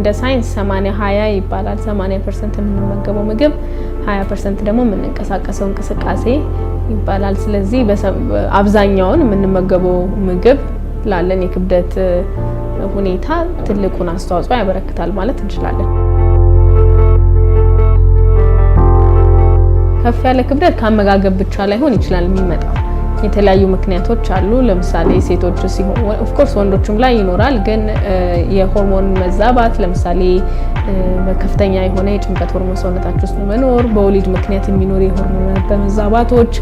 እንደ ሳይንስ 80 20 ይባላል። 80 ፐርሰንት የምንመገበው ምግብ፣ 20 ፐርሰንት ደግሞ የምንንቀሳቀሰው እንቅስቃሴ ይባላል። ስለዚህ አብዛኛውን የምንመገበው ምግብ ላለን የክብደት ሁኔታ ትልቁን አስተዋጽኦ ያበረክታል ማለት እንችላለን። ከፍ ያለ ክብደት ከአመጋገብ ብቻ ላይሆን ይችላል የሚመጣው የተለያዩ ምክንያቶች አሉ። ለምሳሌ ሴቶች ሲሆን ኦፍኮርስ ወንዶችም ላይ ይኖራል፣ ግን የሆርሞን መዛባት ለምሳሌ በከፍተኛ የሆነ የጭንቀት ሆርሞን ሰውነታች ውስጥ መኖር፣ በወሊድ ምክንያት የሚኖር የሆርሞን በመዛባቶች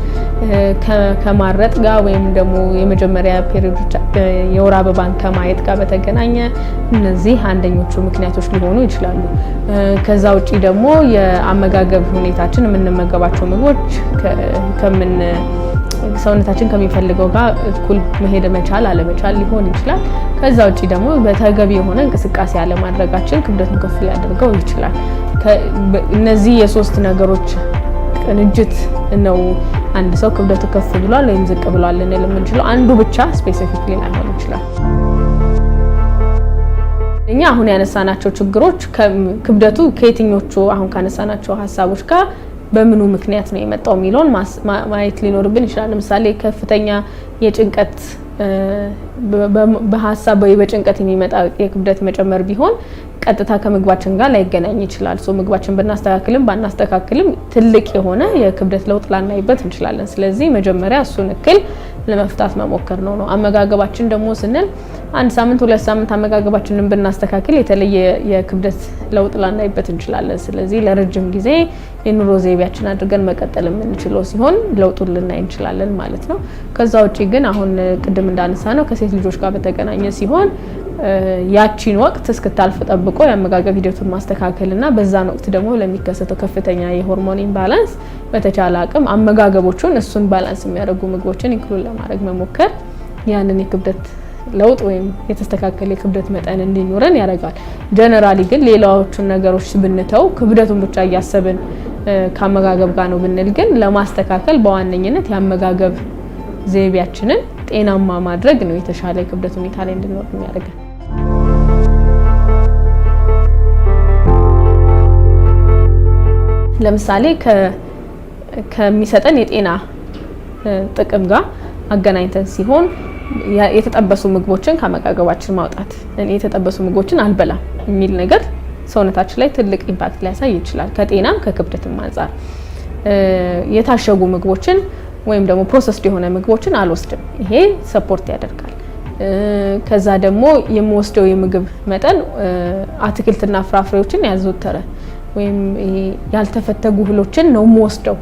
ከማረጥ ጋር ወይም ደግሞ የመጀመሪያ ፔሪዮዶች የወር አበባን ከማየት ጋር በተገናኘ እነዚህ አንደኞቹ ምክንያቶች ሊሆኑ ይችላሉ። ከዛ ውጪ ደግሞ የአመጋገብ ሁኔታችን የምንመገባቸው ምግቦች ከምን ሰውነታችን ከሚፈልገው ጋር እኩል መሄድ መቻል አለመቻል ሊሆን ይችላል። ከዛ ውጭ ደግሞ በተገቢ የሆነ እንቅስቃሴ አለማድረጋችን ክብደቱን ከፍ ሊያደርገው ይችላል። እነዚህ የሶስት ነገሮች ቅንጅት ነው አንድ ሰው ክብደቱ ከፍ ብሏል ወይም ዝቅ ብሏል ልንል የምንችለው። አንዱ ብቻ ስፔሲፊክ ላይሆን ይችላል። እኛ አሁን ያነሳናቸው ችግሮች ክብደቱ ከየትኞቹ አሁን ካነሳናቸው ሀሳቦች ጋር በምኑ ምክንያት ነው የመጣው የሚለውን ማየት ሊኖርብን ይችላል። ለምሳሌ ከፍተኛ የጭንቀት በሀሳብ ወይ በጭንቀት የሚመጣ የክብደት መጨመር ቢሆን ቀጥታ ከምግባችን ጋር ላይገናኝ ይችላል። ሶ ምግባችን ብናስተካክልም ባናስተካክልም ትልቅ የሆነ የክብደት ለውጥ ላናይበት እንችላለን። ስለዚህ መጀመሪያ እሱን እክል ለመፍታት መሞከር ነው ነው። አመጋገባችን ደግሞ ስንል አንድ ሳምንት ሁለት ሳምንት አመጋገባችንን ብናስተካክል የተለየ የክብደት ለውጥ ላናይበት እንችላለን። ስለዚህ ለረጅም ጊዜ የኑሮ ዘይቤያችን አድርገን መቀጠል የምንችለው ሲሆን ለውጡን ልናይ እንችላለን ማለት ነው። ከዛ ውጪ ግን አሁን ቅድም እንዳነሳ ነው ከሴት ልጆች ጋር በተገናኘ ሲሆን ያቺን ወቅት እስክታልፍ ጠብቆ የአመጋገብ ሂደቱን ማስተካከልና በዛን ወቅት ደግሞ ለሚከሰተው ከፍተኛ የሆርሞን ኢምባላንስ በተቻለ አቅም አመጋገቦቹን እሱን ባላንስ የሚያደርጉ ምግቦችን ኢንክሉድ ለማድረግ መሞከር ያንን የክብደት ለውጥ ወይም የተስተካከለ የክብደት መጠን እንዲኖረን ያደርጋል። ጀነራሊ ግን ሌላዎቹን ነገሮች ብንተው ክብደቱን ብቻ እያሰብን ከአመጋገብ ጋር ነው ብንል ግን ለማስተካከል በዋነኝነት የአመጋገብ ዘይቤያችንን ጤናማ ማድረግ ነው የተሻለ የክብደት ሁኔታ ላይ እንድንኖር የሚያደርገን። ለምሳሌ ከሚሰጠን የጤና ጥቅም ጋር አገናኝተን ሲሆን የተጠበሱ ምግቦችን ከአመጋገባችን ማውጣት፣ እኔ የተጠበሱ ምግቦችን አልበላም የሚል ነገር ሰውነታችን ላይ ትልቅ ኢምፓክት ሊያሳይ ይችላል፣ ከጤናም ከክብደትም አንጻር። የታሸጉ ምግቦችን ወይም ደግሞ ፕሮሰስድ የሆነ ምግቦችን አልወስድም፣ ይሄ ሰፖርት ያደርጋል። ከዛ ደግሞ የምወስደው የምግብ መጠን አትክልትና ፍራፍሬዎችን ያዘወተረ ወይም ያልተፈተጉ እህሎችን ነው የምወስደው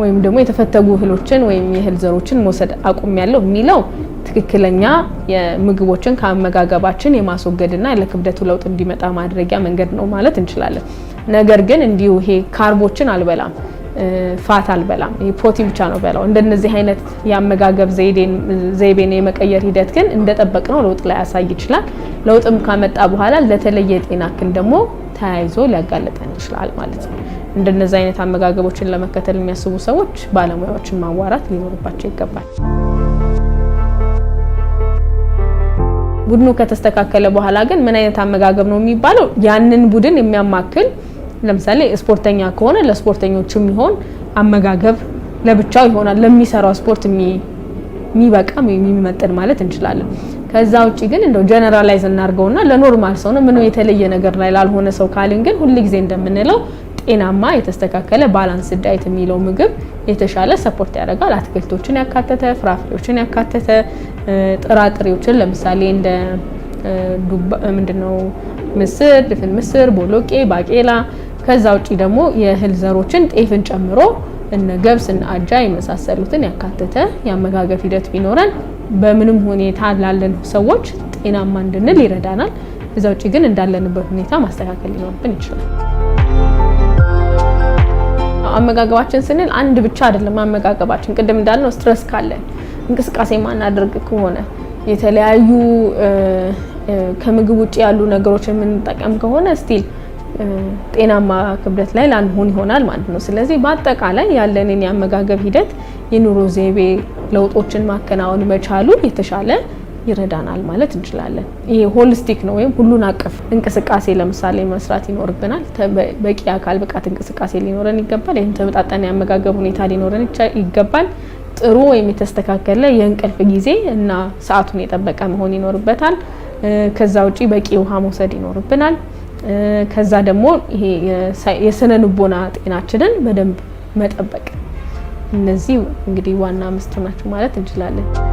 ወይም ደግሞ የተፈተጉ እህሎችን ወይም የእህል ዘሮችን መውሰድ አቁም ያለው የሚለው ትክክለኛ የምግቦችን ከአመጋገባችን የማስወገድና ለክብደቱ ለውጥ እንዲመጣ ማድረጊያ መንገድ ነው ማለት እንችላለን። ነገር ግን እንዲሁ ይሄ ካርቦችን አልበላም፣ ፋት አልበላም፣ ፕሮቲን ብቻ ነው በላው፣ እንደነዚህ አይነት የአመጋገብ ዘይቤን የመቀየር ሂደት ግን እንደጠበቅ ነው ለውጥ ላይ ያሳይ ይችላል። ለውጥም ካመጣ በኋላ ለተለየ የጤና እክል ደግሞ ተያይዞ ሊያጋለጠን ይችላል ማለት ነው። እንደነዚህ አይነት አመጋገቦችን ለመከተል የሚያስቡ ሰዎች ባለሙያዎችን ማዋራት ሊኖርባቸው ይገባል። ቡድኑ ከተስተካከለ በኋላ ግን ምን አይነት አመጋገብ ነው የሚባለው ያንን ቡድን የሚያማክል ለምሳሌ ስፖርተኛ ከሆነ ለስፖርተኞች የሚሆን አመጋገብ ለብቻው ይሆናል። ለሚሰራው ስፖርት የሚበቃ የሚመጥን ማለት እንችላለን። ከዛ ውጪ ግን እንደው ጀነራላይዝ እናርገውና ለኖርማል ሰው ነው ምንም የተለየ ነገር ላይ ላልሆነ ሰው ካልን ግን ሁልጊዜ እንደምንለው ጤናማ የተስተካከለ ባላንስ ዳይት የሚለው ምግብ የተሻለ ሰፖርት ያደርጋል። አትክልቶችን ያካተተ፣ ፍራፍሬዎችን ያካተተ፣ ጥራጥሬዎችን ለምሳሌ እንደ ምንድነው ምስር፣ ድፍን ምስር፣ ቦሎቄ፣ ባቄላ ከዛ ውጪ ደግሞ የእህል ዘሮችን ጤፍን ጨምሮ እነ ገብስና አጃ የመሳሰሉትን ያካተተ የአመጋገብ ሂደት ቢኖረን በምንም ሁኔታ ላለን ሰዎች ጤናማ እንድንል ይረዳናል። እዛ ውጭ ግን እንዳለንበት ሁኔታ ማስተካከል ሊኖርብን ይችላል። አመጋገባችን ስንል አንድ ብቻ አይደለም። አመጋገባችን ቅድም እንዳልነው ስትረስ ካለን፣ እንቅስቃሴ ማናደርግ ከሆነ፣ የተለያዩ ከምግብ ውጭ ያሉ ነገሮችን የምንጠቀም ከሆነ ስቲል ጤናማ ክብደት ላይ ላንሆን ይሆናል ማለት ነው። ስለዚህ በአጠቃላይ ያለንን የአመጋገብ ሂደት የኑሮ ዘይቤ ለውጦችን ማከናወን መቻሉ የተሻለ ይረዳናል ማለት እንችላለን። ይሄ ሆሊስቲክ ነው ወይም ሁሉን አቀፍ እንቅስቃሴ ለምሳሌ መስራት ይኖርብናል። በቂ አካል ብቃት እንቅስቃሴ ሊኖረን ይገባል። ይህም ተመጣጣኝ የአመጋገብ ሁኔታ ሊኖረን ይገባል። ጥሩ ወይም የተስተካከለ የእንቅልፍ ጊዜ እና ሰዓቱን የጠበቀ መሆን ይኖርበታል። ከዛ ውጪ በቂ ውሃ መውሰድ ይኖርብናል። ከዛ ደግሞ ይሄ የስነ ልቦና ጤናችንን በደንብ መጠበቅ እነዚህ እንግዲህ ዋና አምስቱ ናቸው ማለት እንችላለን።